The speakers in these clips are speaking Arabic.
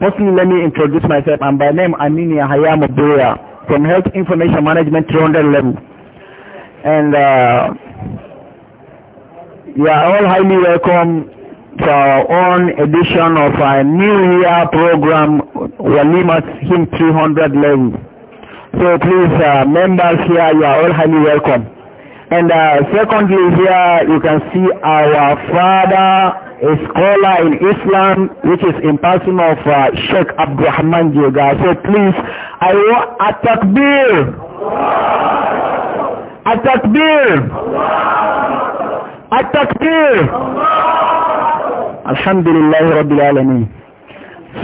Firstly, let me introduce myself. I'm by name Aminia Hayam Mubura from Health Information Management 300 level. And uh, you are all highly welcome to our own edition of our new year program, Walima's Him 300 level. So please, uh, members here, you are all highly welcome. And uh, secondly here, you can see our father a scholar in Islam, which is in person of uh, Sheikh Abdurrahman Joga. So please, I want a takbir. A takbir. A takbir. Alhamdulillah Rabbil Alameen.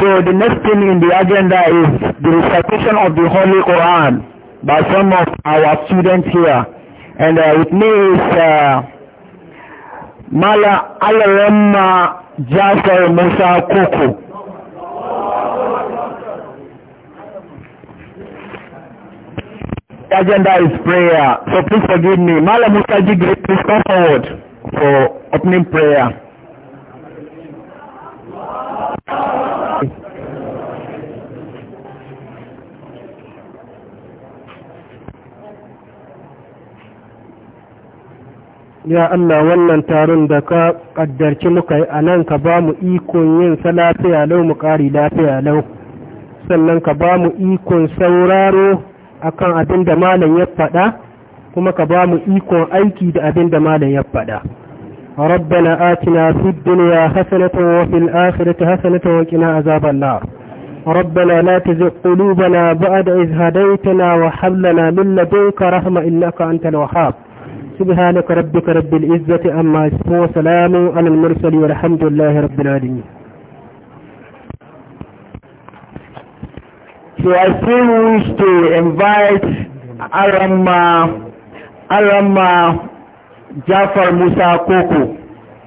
So the next thing in the agenda is the recitation of the Holy Quran by some of our students here. And uh, with me is... Uh, mala alaramma jafar musa koko The agenda is prayer so please forgive me mala musa jigre please come forward for opening prayer ya Allah wannan taron da ka ƙaddarci muka yi a nan ka ba mu ikon yin lafiya lau mu ƙari lafiya lau sannan ka ba mu ikon sauraro akan abin da malam ya faɗa kuma ka ba mu ikon aiki da abin da malam ya faɗa ربنا آتنا في الدنيا حسنة وفي الآخرة حسنة وقنا عذاب النار ربنا لا تزغ قلوبنا بعد إذ هديتنا وهب لنا من لدنك رحمة إنك أنت الوهاب سبحانك ربك رب العزة أما اسمه وسلام على المرسل والحمد لله رب العالمين So I still wish to invite Alama, Alama Jafar Musa Koko.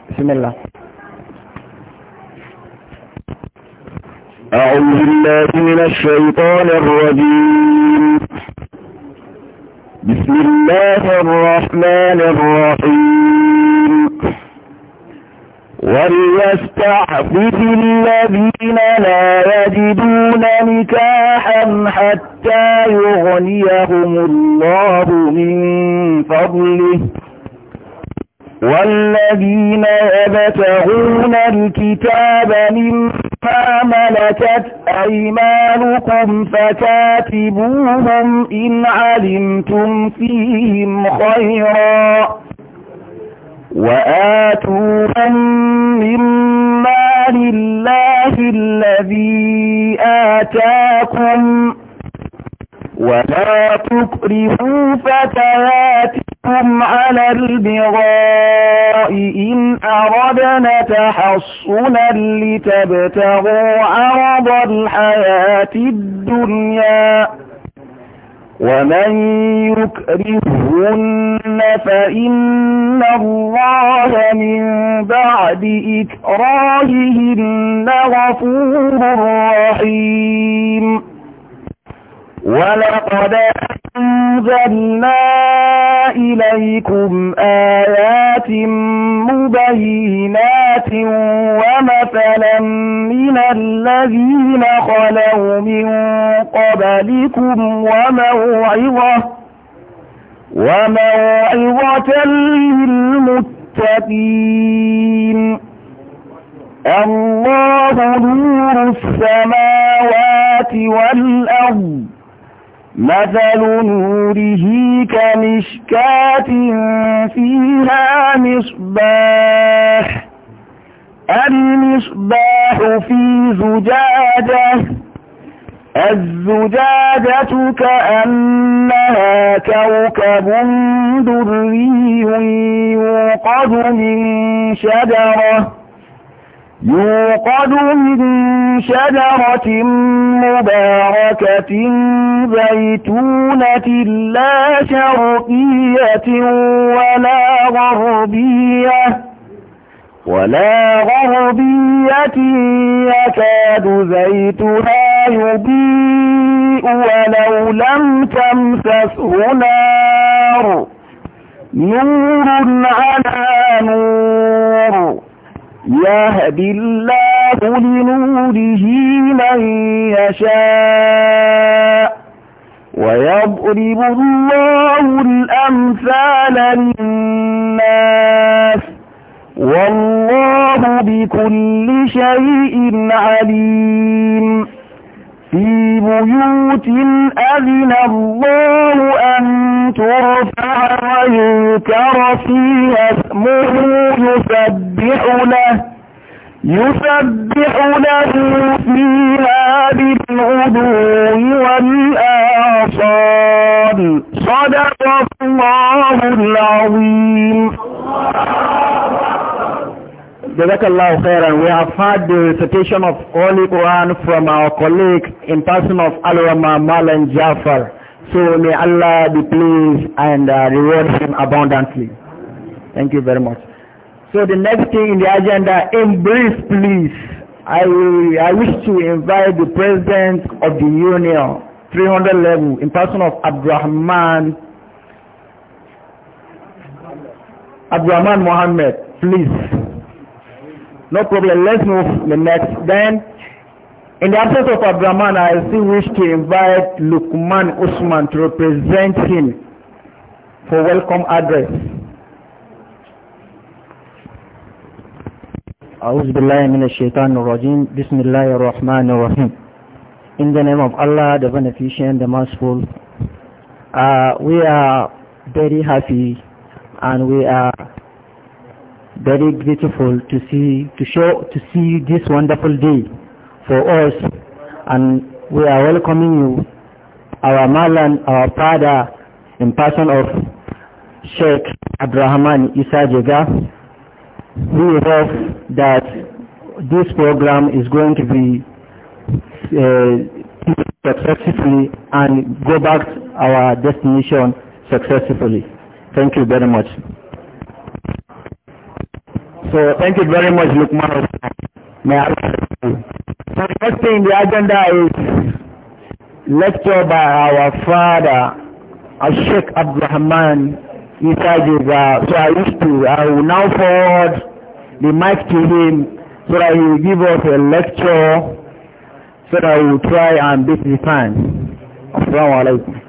Bismillah. أعوذ بالله من الشيطان الرجيم بسم الله الرحمن الرحيم وليستعفف الذين لا يجدون نكاحا حتى يغنيهم الله من فضله والذين يبتغون الكتاب مما ما ملكت أيمانكم فكاتبوهم إن علمتم فيهم خيرا وآتوهم مما لله الذي آتاكم ولا تكرهوا فتياتكم لكم على البغاء إن أردنا تحصنا لتبتغوا عرض الحياة الدنيا ومن يكرهن فإن الله من بعد إكراههن غفور رحيم ولقد أنزلنا إليكم آيات مبينات ومثلا من الذين خلوا من قبلكم وموعظة وموعظة للمتقين الله نور السماوات والأرض مثل نوره كمشكاة فيها مصباح المصباح في زجاجة الزجاجة كأنها كوكب دري يوقد من شجرة يوقد من شجرة مباركة بركة زيتونة لا شرقية ولا غربية ولا غربية يكاد زيتها يضيء ولو لم تمسسه نار نور على نور يهدي الله لنوره من يشاء ويضرب الله الأمثال للناس والله بكل شيء عليم في بيوت أذن الله أن ترفع ويكر فيها اسمه يسبح له يسبح له فيها بالعدو Jazakallah khairan. We have had the recitation of Holy Quran from our colleague in person of Alwama Malan Jafar. So may Allah be pleased and uh, reward him abundantly. Thank you very much. So the next thing in the agenda, embrace, please, I, I wish to invite the President of the Union, 300 level, in person of Abdurrahman, Abdurrahman Mohammed, please. No problem. Let's move the next. Then, in the absence of Abdurrahman, I still wish to invite Lukman Usman to represent him for welcome address. أعوذ بالله من الشيطان الرجيم بسم الله الرحمن الرحيم In the name of Allah, the Beneficent, the Merciful, uh, we are very happy and we are very grateful to see to show to see this wonderful day for us and we are welcoming you our malan our father in person of Sheikh Abrahaman Isa Jega we hope that this program is going to be uh, successfully and go back to our destination successfully thank you very much So thank you very much, Lukman. May Allah So the first thing the agenda is lecture by our father, Sheikh Abdurrahman Isa So I used to, I will now forward the mic to him so that he will give us a lecture so that we will try and beat the time. Assalamu alaikum.